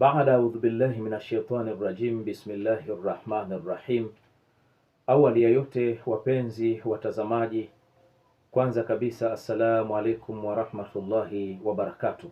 Baada audhu billahi min ashaitani rajim, bismillahi rahmani rahim. Awali ya yote, wapenzi watazamaji, kwanza kabisa assalamu alaikum warahmatullahi wabarakatuh.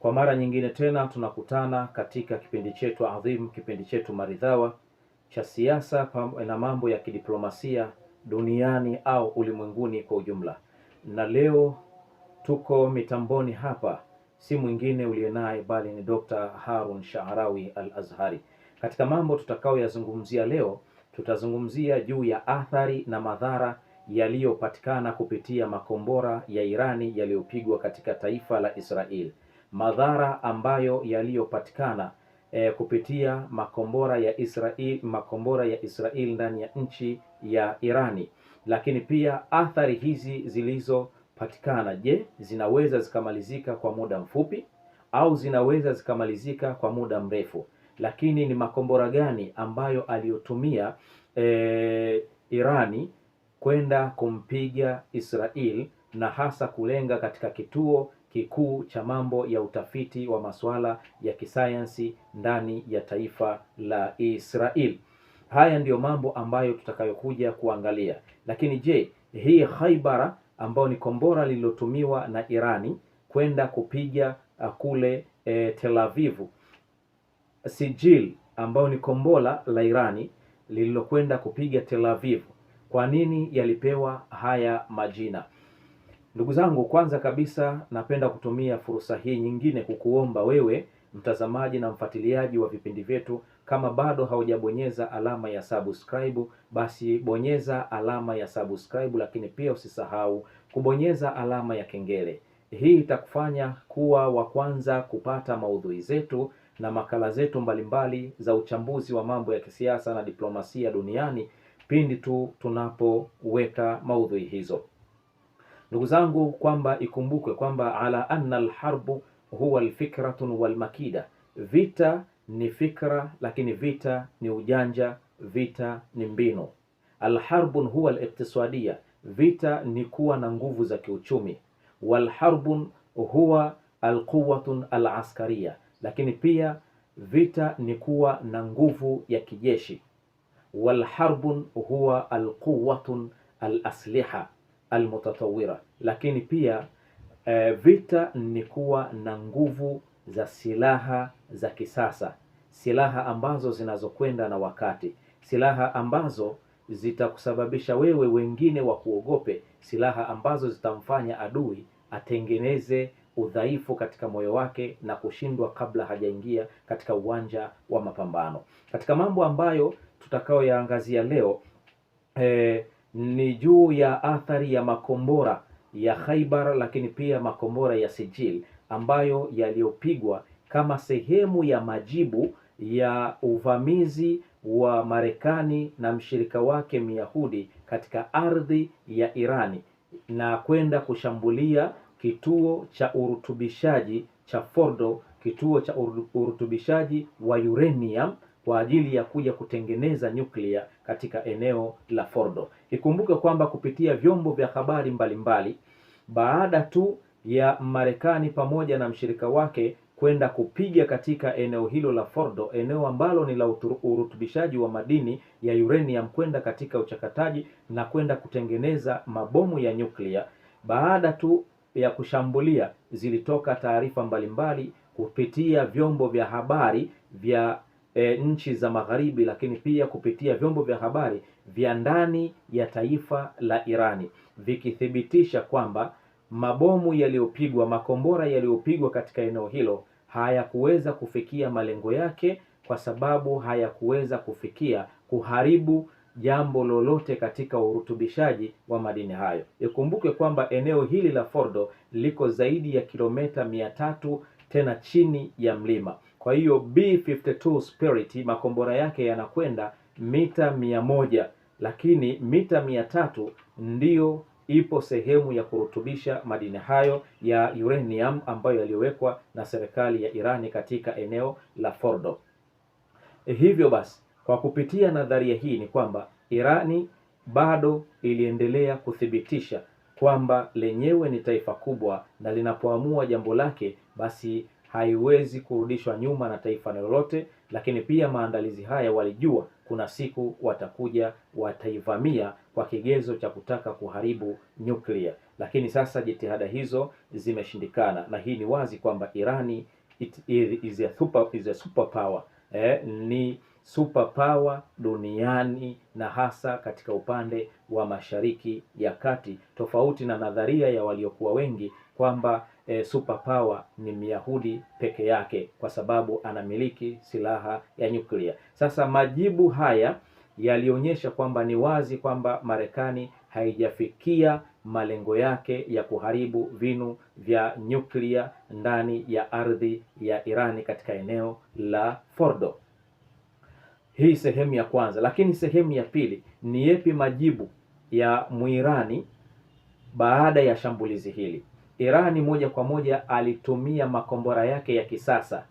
Kwa mara nyingine tena tunakutana katika kipindi chetu adhimu, kipindi chetu maridhawa cha siasa na mambo ya kidiplomasia duniani au ulimwenguni kwa ujumla, na leo tuko mitamboni hapa si mwingine naye bali ni Dr. Harun Shaarawi Al-Azhari. Katika mambo tutakayoyazungumzia leo, tutazungumzia juu ya athari na madhara yaliyopatikana kupitia makombora ya Irani yaliyopigwa katika taifa la Israel. Madhara ambayo yaliyopatikana e, kupitia makombora ya Israel, makombora ya Israel ndani ya nchi ya Irani, lakini pia athari hizi zilizo patikana, je, zinaweza zikamalizika kwa muda mfupi au zinaweza zikamalizika kwa muda mrefu? Lakini ni makombora gani ambayo aliyotumia e, Irani kwenda kumpiga Israel na hasa kulenga katika kituo kikuu cha mambo ya utafiti wa masuala ya kisayansi ndani ya taifa la Israel. Haya ndiyo mambo ambayo tutakayokuja kuangalia. Lakini je, hii Khaibara ambao ni kombora lililotumiwa na Irani kwenda kupiga uh, kule e, Tel Aviv. Sijil ambao ni kombora la Irani lililokwenda kupiga Tel Avivu. Kwa nini yalipewa haya majina? Ndugu zangu, kwanza kabisa napenda kutumia fursa hii nyingine kukuomba wewe mtazamaji na mfuatiliaji wa vipindi vyetu, kama bado haujabonyeza alama ya subscribe, basi bonyeza alama ya subscribe, lakini pia usisahau kubonyeza alama ya kengele. Hii itakufanya kuwa wa kwanza kupata maudhui zetu na makala zetu mbalimbali za uchambuzi wa mambo ya kisiasa na diplomasia duniani pindi tu tunapoweka maudhui hizo. Ndugu zangu, kwamba ikumbukwe kwamba ala anna alharbu huwa alfikratun walmakida, vita ni fikra, lakini vita ni ujanja, vita ni mbinu. Alharbun huwa aliktisadia, vita ni kuwa na nguvu za kiuchumi. Walharbun huwa alquwatun alaskaria, lakini pia vita ni kuwa na nguvu ya kijeshi. Walharbun huwa alquwatun alasliha almutatawira, lakini pia eh, vita ni kuwa na nguvu za silaha za kisasa, silaha ambazo zinazokwenda na wakati, silaha ambazo zitakusababisha wewe wengine wa kuogope, silaha ambazo zitamfanya adui atengeneze udhaifu katika moyo wake na kushindwa kabla hajaingia katika uwanja wa mapambano. Katika mambo ambayo tutakayoyaangazia leo eh, ni juu ya athari ya makombora ya Khaibar, lakini pia makombora ya Sijil ambayo yaliyopigwa kama sehemu ya majibu ya uvamizi wa Marekani na mshirika wake Myahudi katika ardhi ya Irani na kwenda kushambulia kituo cha urutubishaji cha Fordo, kituo cha urutubishaji wa uranium kwa ajili ya kuja kutengeneza nyuklia katika eneo la Fordo. Ikumbuke kwamba kupitia vyombo vya habari mbalimbali, baada tu ya Marekani pamoja na mshirika wake kwenda kupiga katika eneo hilo la Fordo, eneo ambalo ni la urutubishaji wa madini ya uranium kwenda katika uchakataji na kwenda kutengeneza mabomu ya nyuklia. Baada tu ya kushambulia, zilitoka taarifa mbalimbali kupitia vyombo vya habari vya e, nchi za magharibi, lakini pia kupitia vyombo vya habari vya ndani ya taifa la Irani vikithibitisha kwamba mabomu yaliyopigwa, makombora yaliyopigwa katika eneo hilo hayakuweza kufikia malengo yake kwa sababu hayakuweza kufikia kuharibu jambo lolote katika urutubishaji wa madini hayo. Ikumbuke kwamba eneo hili la Fordo liko zaidi ya kilomita mia tatu tena chini ya mlima. Kwa hiyo B52 Spirit makombora yake yanakwenda mita mia moja, lakini mita mia tatu ndiyo ipo sehemu ya kurutubisha madini hayo ya uranium ambayo yaliyowekwa na serikali ya Irani katika eneo la Fordo. Hivyo basi, kwa kupitia nadharia hii ni kwamba Irani bado iliendelea kuthibitisha kwamba lenyewe ni taifa kubwa na linapoamua jambo lake basi haiwezi kurudishwa nyuma na taifa lolote, lakini pia maandalizi haya walijua kuna siku watakuja wataivamia kwa kigezo cha kutaka kuharibu nyuklia, lakini sasa jitihada hizo zimeshindikana, na hii ni wazi kwamba Irani it is a super, is a super power. Eh, ni super power duniani na hasa katika upande wa Mashariki ya Kati, tofauti na nadharia ya waliokuwa wengi kwamba e, superpower ni Myahudi peke yake, kwa sababu anamiliki silaha ya nyuklia. Sasa majibu haya yalionyesha kwamba ni wazi kwamba Marekani haijafikia malengo yake ya kuharibu vinu vya nyuklia ndani ya ardhi ya Irani katika eneo la Fordo. Hii sehemu ya kwanza, lakini sehemu ya pili ni yepi majibu ya Mwirani baada ya shambulizi hili? Irani moja kwa moja alitumia makombora yake ya kisasa,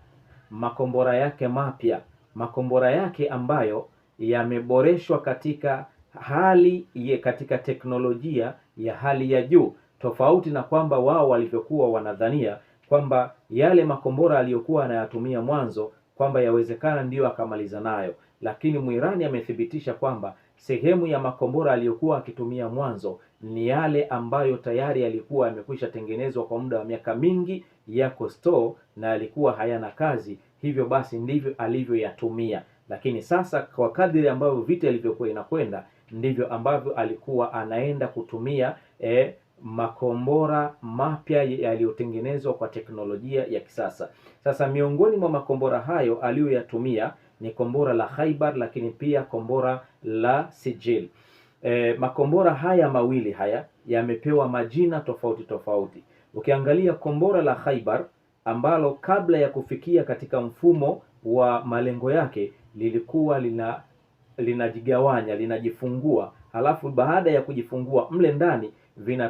makombora yake mapya, makombora yake ambayo yameboreshwa katika hali ya katika teknolojia ya hali ya juu, tofauti na kwamba wao walivyokuwa wanadhania kwamba yale makombora aliyokuwa anayatumia mwanzo kwamba yawezekana ndiyo akamaliza nayo, lakini Mwirani amethibitisha kwamba sehemu ya makombora aliyokuwa akitumia mwanzo ni yale ambayo tayari yalikuwa yamekwisha tengenezwa kwa muda wa miaka mingi, yako store na yalikuwa hayana kazi, hivyo basi ndivyo alivyoyatumia. Lakini sasa kwa kadiri ambavyo vita ilivyokuwa inakwenda ndivyo ambavyo alikuwa anaenda kutumia eh, makombora mapya yaliyotengenezwa kwa teknolojia ya kisasa. Sasa miongoni mwa makombora hayo aliyoyatumia ni kombora la Khaibar, lakini pia kombora la Sijil e, makombora haya mawili haya yamepewa majina tofauti tofauti. Ukiangalia kombora la Khaibar ambalo kabla ya kufikia katika mfumo wa malengo yake lilikuwa lina linajigawanya linajifungua, halafu baada ya kujifungua mle ndani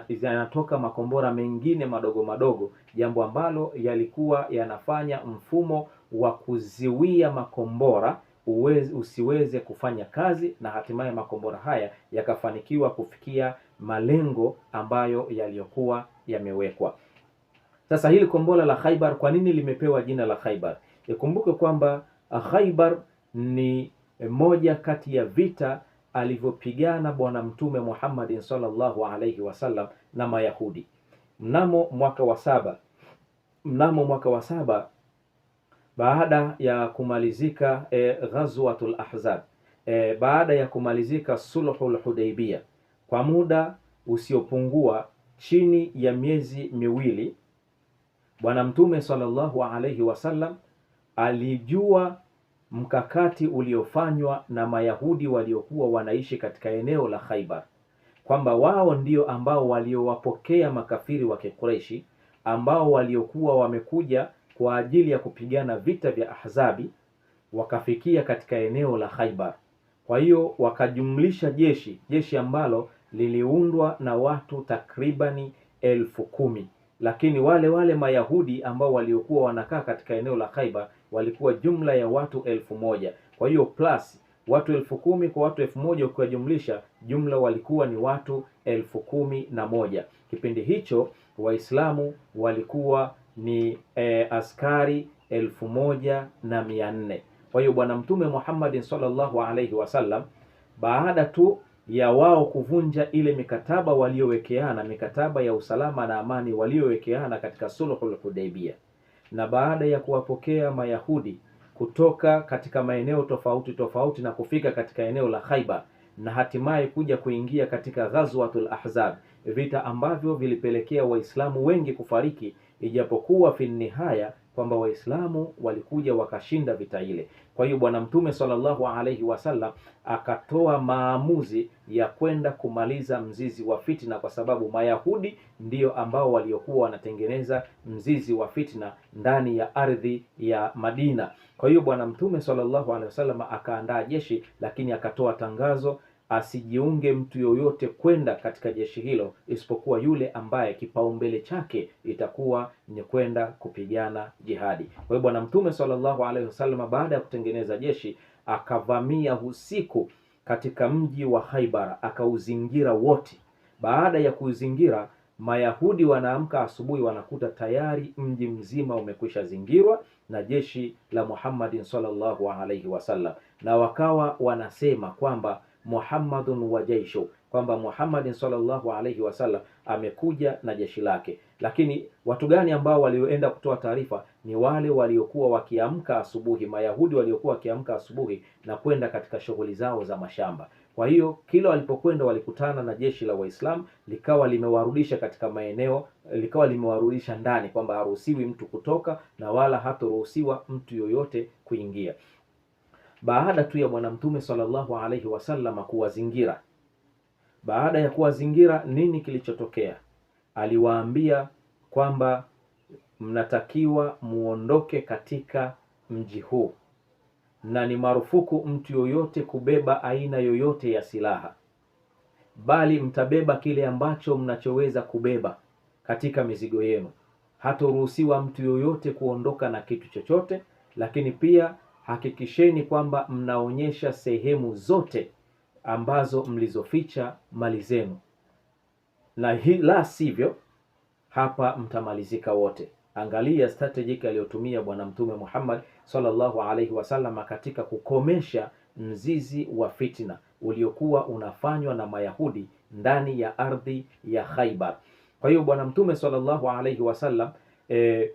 vinatoka makombora mengine madogo madogo, jambo ambalo yalikuwa yanafanya mfumo wa kuziwia makombora uweze, usiweze kufanya kazi na hatimaye makombora haya yakafanikiwa kufikia malengo ambayo yaliyokuwa yamewekwa. Sasa hili kombora la Khaibar, kwa nini limepewa jina la Khaibar? Ikumbuke kwamba uh, Khaibar ni moja kati ya vita alivyopigana Bwana Mtume Muhammad sallallahu alaihi wasallam na Mayahudi mnamo mwaka wa saba mnamo mwaka wa saba baada ya kumalizika e, Ghazwatul Ahzab e, baada ya kumalizika Sulhul Hudaybiyah kwa muda usiopungua chini ya miezi miwili, Bwana Mtume sallallahu alaihi wasallam alijua mkakati uliofanywa na Mayahudi waliokuwa wanaishi katika eneo la Khaibar kwamba wao ndio ambao waliowapokea makafiri wa Kikureishi ambao waliokuwa wamekuja kwa ajili ya kupigana vita vya Ahzabi wakafikia katika eneo la Khaibar. Kwa hiyo wakajumlisha jeshi jeshi ambalo liliundwa na watu takribani elfu kumi lakini wale wale Mayahudi ambao waliokuwa wanakaa katika eneo la Khaibar walikuwa jumla ya watu elfu moja kwa hiyo plus watu elfu kumi kwa watu elfu moja ukiwajumlisha, jumla walikuwa ni watu elfu kumi na moja. Kipindi hicho Waislamu walikuwa ni e, askari elfu moja na mia nne. Kwa hiyo Bwana Mtume Muhammadin sallallahu alaihi wasallam baada tu ya wao kuvunja ile mikataba waliowekeana, mikataba ya usalama na amani waliowekeana katika sulhul Hudaibia, na baada ya kuwapokea Mayahudi kutoka katika maeneo tofauti tofauti na kufika katika eneo la Khaibar na hatimaye kuja kuingia katika Ghazwatul Ahzab, vita ambavyo vilipelekea Waislamu wengi kufariki ijapokuwa finnihaya kwamba Waislamu walikuja wakashinda vita ile. Kwa hiyo Bwana Mtume sallallahu alaihi wasallam akatoa maamuzi ya kwenda kumaliza mzizi wa fitna, kwa sababu Mayahudi ndiyo ambao waliokuwa wanatengeneza mzizi wa fitna ndani ya ardhi ya Madina. Kwa hiyo Bwana Mtume sallallahu alaihi wasallam akaandaa jeshi, lakini akatoa tangazo asijiunge mtu yoyote kwenda katika jeshi hilo isipokuwa yule ambaye kipaumbele chake itakuwa ni kwenda kupigana jihadi. Kwa hiyo Bwana Mtume sallallahu alaihi wasallam baada ya kutengeneza jeshi akavamia usiku katika mji wa Khaibar, akauzingira wote. Baada ya kuuzingira, Mayahudi wanaamka asubuhi, wanakuta tayari mji mzima umekwisha zingirwa na jeshi la Muhammadin sallallahu alaihi wasallam, na wakawa wanasema kwamba Muhammadun wa jaishu, kwamba Muhammadin sallallahu alaihi wasallam amekuja na jeshi lake. Lakini watu gani ambao walioenda kutoa taarifa? Ni wale waliokuwa wakiamka asubuhi, Mayahudi waliokuwa wakiamka asubuhi na kwenda katika shughuli zao za mashamba. Kwa hiyo kila walipokwenda walikutana na jeshi la waislam likawa limewarudisha katika maeneo, likawa limewarudisha ndani, kwamba haruhusiwi mtu kutoka na wala hatoruhusiwa mtu yoyote kuingia baada tu ya bwana mtume sallallahu alaihi wasallam kuwazingira. Baada ya kuwazingira, nini kilichotokea? Aliwaambia kwamba mnatakiwa muondoke katika mji huu, na ni marufuku mtu yoyote kubeba aina yoyote ya silaha, bali mtabeba kile ambacho mnachoweza kubeba katika mizigo yenu. Hatoruhusiwa mtu yoyote kuondoka na kitu chochote, lakini pia hakikisheni kwamba mnaonyesha sehemu zote ambazo mlizoficha mali zenu, na la sivyo hapa mtamalizika wote. Angalia strategy aliyotumia Bwana Mtume Muhammad sallallahu alaihi wasallam katika kukomesha mzizi wa fitna uliokuwa unafanywa na Mayahudi ndani ya ardhi ya Khaibar. Kwa hiyo Bwana Mtume sallallahu alaihi wasallam eh,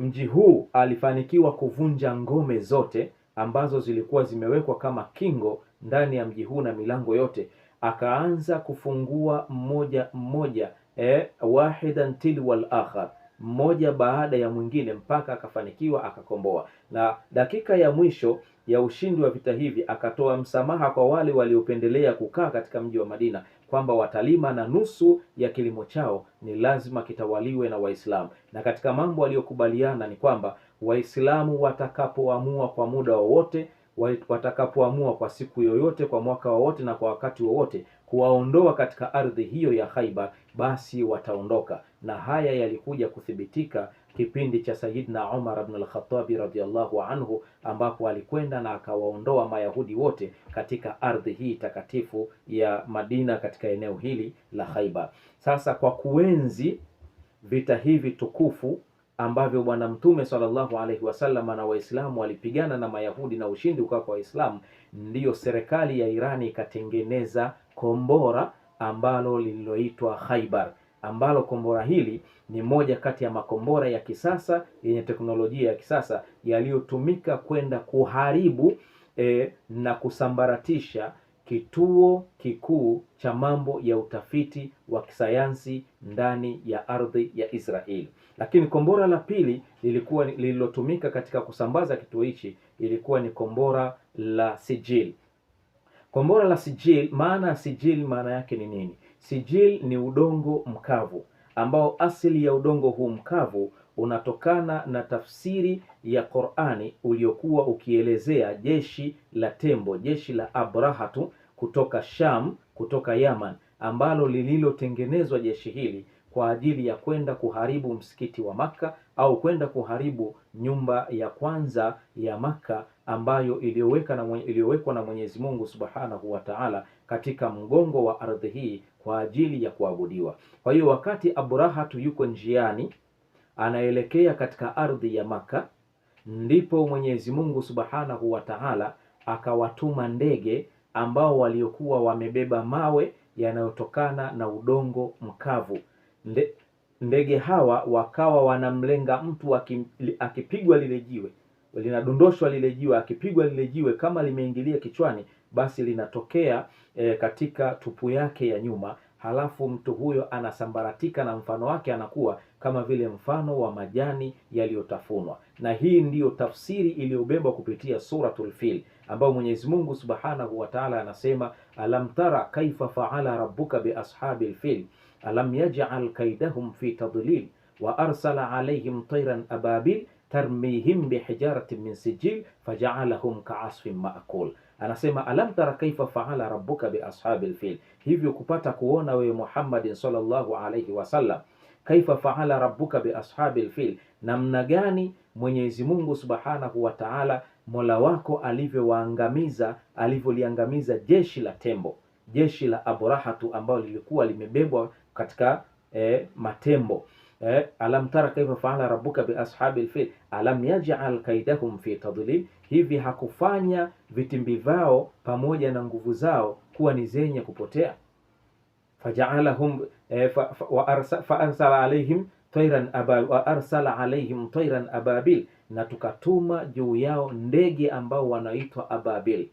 Mji huu alifanikiwa kuvunja ngome zote ambazo zilikuwa zimewekwa kama kingo ndani ya mji huu na milango yote, akaanza kufungua mmoja mmoja, eh, wahidan wal akhar, mmoja baada ya mwingine mpaka akafanikiwa akakomboa. Na dakika ya mwisho ya ushindi wa vita hivi akatoa msamaha kwa wale waliopendelea kukaa katika mji wa Madina kwamba watalima na nusu ya kilimo chao ni lazima kitawaliwe na Waislamu. Na katika mambo aliyokubaliana ni kwamba Waislamu watakapoamua kwa muda wowote wa watakapoamua kwa siku yoyote, kwa mwaka wowote na kwa wakati wowote kuwaondoa katika ardhi hiyo ya Khaibar, basi wataondoka. Na haya yalikuja kuthibitika kipindi cha sayidna Umar ibn al-Khattabi radhiallahu anhu, ambapo alikwenda na akawaondoa Mayahudi wote katika ardhi hii takatifu ya Madina, katika eneo hili la Khaiba. Sasa kwa kuenzi vita hivi tukufu ambavyo Bwana Mtume sallallahu alaihi wasallam na Waislamu walipigana na Mayahudi na ushindi ukawa kwa Waislamu, ndiyo serikali ya Irani ikatengeneza kombora ambalo lililoitwa Khaibar ambalo kombora hili ni moja kati ya makombora ya kisasa yenye teknolojia ya kisasa yaliyotumika kwenda kuharibu e, na kusambaratisha kituo kikuu cha mambo ya utafiti wa kisayansi ndani ya ardhi ya Israeli. Lakini kombora la pili lilikuwa lililotumika katika kusambaza kituo hichi ilikuwa ni kombora la Sijil. Kombora la Sijil, maana ya Sijil maana yake ni nini? Sijil ni udongo mkavu ambao asili ya udongo huu mkavu unatokana na tafsiri ya Qur'ani uliokuwa ukielezea jeshi la tembo, jeshi la Abrahatu kutoka Sham, kutoka Yaman, ambalo lililotengenezwa jeshi hili kwa ajili ya kwenda kuharibu msikiti wa Makka au kwenda kuharibu nyumba ya kwanza ya Makka ambayo iliyoweka na iliyowekwa na Mwenyezi Mungu Subhanahu wa Ta'ala katika mgongo wa ardhi hii kwa ajili ya kuabudiwa. Kwa hiyo wakati Aburahatu yuko njiani anaelekea katika ardhi ya Maka, ndipo Mwenyezi Mungu Subhanahu wa Ta'ala akawatuma ndege ambao waliokuwa wamebeba mawe yanayotokana na udongo mkavu. Nde, ndege hawa wakawa wanamlenga mtu akipigwa lile jiwe linadondoshwa lile jiwe, akipigwa lile jiwe kama limeingilia kichwani, basi linatokea e, katika tupu yake ya nyuma, halafu mtu huyo anasambaratika na mfano wake anakuwa kama vile mfano wa majani yaliyotafunwa. Na hii ndiyo tafsiri iliyobebwa kupitia Suratul Fil ambayo Mwenyezi Mungu Subhanahu wa Ta'ala anasema alam tara kaifa faala rabbuka biashabil fil alam yaj'al kaidahum fi tadlil wa arsala alayhim tayran ababil tarmihim bihijaratin min sijil fajaalahum kaasfin maakul. Anasema alam tara kaifa faala rabbuka biashabil lfil, hivyo kupata kuona wewe Muhammadin sallallahu alayhi wasallam kaifa faala rabbuka biashabil lfil, namna gani Mwenyezi Mungu subhanahu wa taala mola wako alivyowaangamiza, alivyoliangamiza jeshi la tembo, jeshi la aburahatu ambalo lilikuwa limebebwa katika eh, matembo eh, alam tara kaifa faala rabbuka bi ashabil fil alam yaj'al kaidahum fi tadlil, hivi hakufanya vitimbi vao pamoja na nguvu zao kuwa ni zenye kupotea. Faja'alahum eh, fa, fa, wa fa arsala alaihim tayran ababil, wa arsala alaihim tayran ababil, na tukatuma juu yao ndege ambao wanaitwa ababil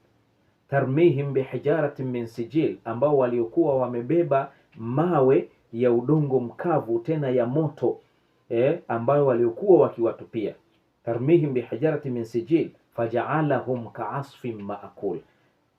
tarmihim bihijaratin min sijil, ambao waliokuwa wamebeba mawe ya udongo mkavu tena ya moto eh, ambayo waliokuwa wakiwatupia tarmihim bihajarati min sijil fajaalahum kaasfin maakul,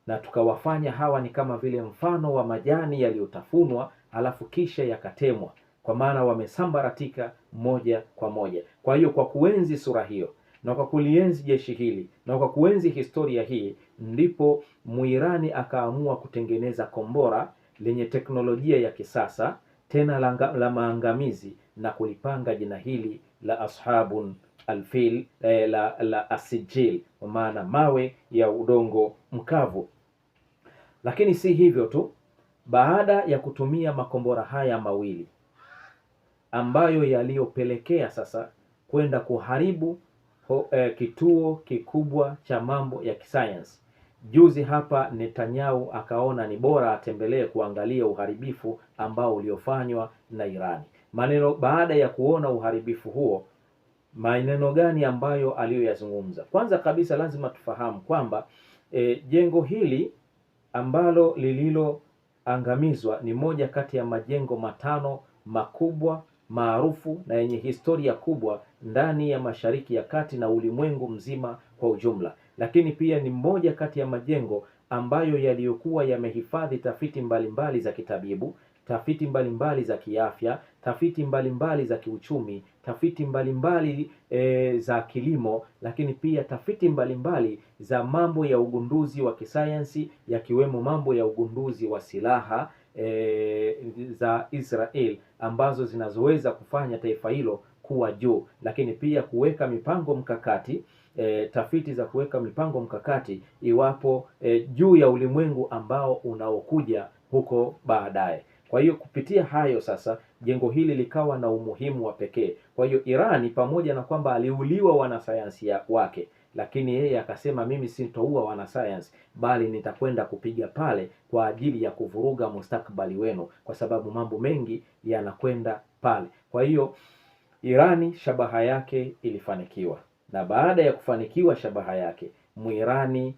na tukawafanya hawa ni kama vile mfano wa majani yaliyotafunwa alafu kisha yakatemwa, kwa maana wamesambaratika moja kwa moja. Kwa hiyo kwa kuenzi sura hiyo na kwa kulienzi jeshi hili na kwa kuenzi historia hii, ndipo Mwirani akaamua kutengeneza kombora lenye teknolojia ya kisasa tena la, la maangamizi na kulipanga jina hili la ashabun alfil eh, la, la asijil kwa maana mawe ya udongo mkavu. Lakini si hivyo tu, baada ya kutumia makombora haya mawili ambayo yaliyopelekea sasa kwenda kuharibu ho, eh, kituo kikubwa cha mambo ya kisayansi Juzi hapa Netanyahu akaona ni bora atembelee kuangalia uharibifu ambao uliofanywa na Irani. Maneno baada ya kuona uharibifu huo, maneno gani ambayo aliyoyazungumza? Kwanza kabisa lazima tufahamu kwamba e, jengo hili ambalo lililoangamizwa ni moja kati ya majengo matano makubwa maarufu na yenye historia kubwa ndani ya Mashariki ya Kati na ulimwengu mzima kwa ujumla lakini pia ni moja kati ya majengo ambayo yaliyokuwa yamehifadhi tafiti mbalimbali mbali za kitabibu, tafiti mbalimbali mbali za kiafya, tafiti mbalimbali mbali za kiuchumi, tafiti mbalimbali mbali, e, za kilimo, lakini pia tafiti mbalimbali mbali za mambo ya ugunduzi wa kisayansi yakiwemo mambo ya ugunduzi wa silaha e, za Israel ambazo zinazoweza kufanya taifa hilo kuwa juu, lakini pia kuweka mipango mkakati e, tafiti za kuweka mipango mkakati iwapo e, juu ya ulimwengu ambao unaokuja huko baadaye. Kwa hiyo kupitia hayo sasa jengo hili likawa na umuhimu wa pekee. Kwa hiyo Irani, pamoja na kwamba aliuliwa wanasayansi wake, lakini yeye akasema, mimi sintoua wanasayansi, bali nitakwenda kupiga pale kwa ajili ya kuvuruga mustakbali wenu, kwa sababu mambo mengi yanakwenda pale. Kwa hiyo Irani shabaha yake ilifanikiwa na baada ya kufanikiwa shabaha yake Mwirani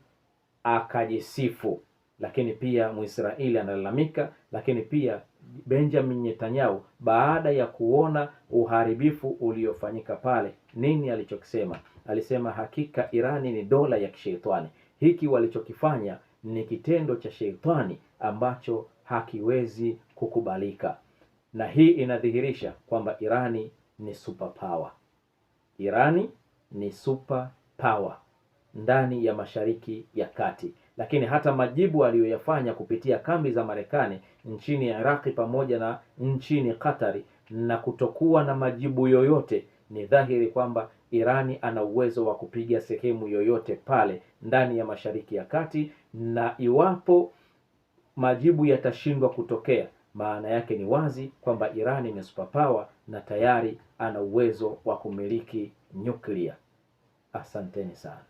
akajisifu, lakini pia Mwisraeli analalamika, lakini pia Benjamin Netanyahu baada ya kuona uharibifu uliofanyika pale, nini alichokisema? Alisema hakika Irani ni dola ya kishetani, hiki walichokifanya ni kitendo cha sheitani ambacho hakiwezi kukubalika. Na hii inadhihirisha kwamba Irani ni superpower. Irani ni super power ndani ya Mashariki ya Kati, lakini hata majibu aliyoyafanya kupitia kambi za Marekani nchini Iraqi pamoja na nchini Qatari na kutokuwa na majibu yoyote, ni dhahiri kwamba Irani ana uwezo wa kupiga sehemu yoyote pale ndani ya Mashariki ya Kati, na iwapo majibu yatashindwa kutokea, maana yake ni wazi kwamba Irani ni superpower na tayari ana uwezo wa kumiliki nyuklia. Asanteni sana.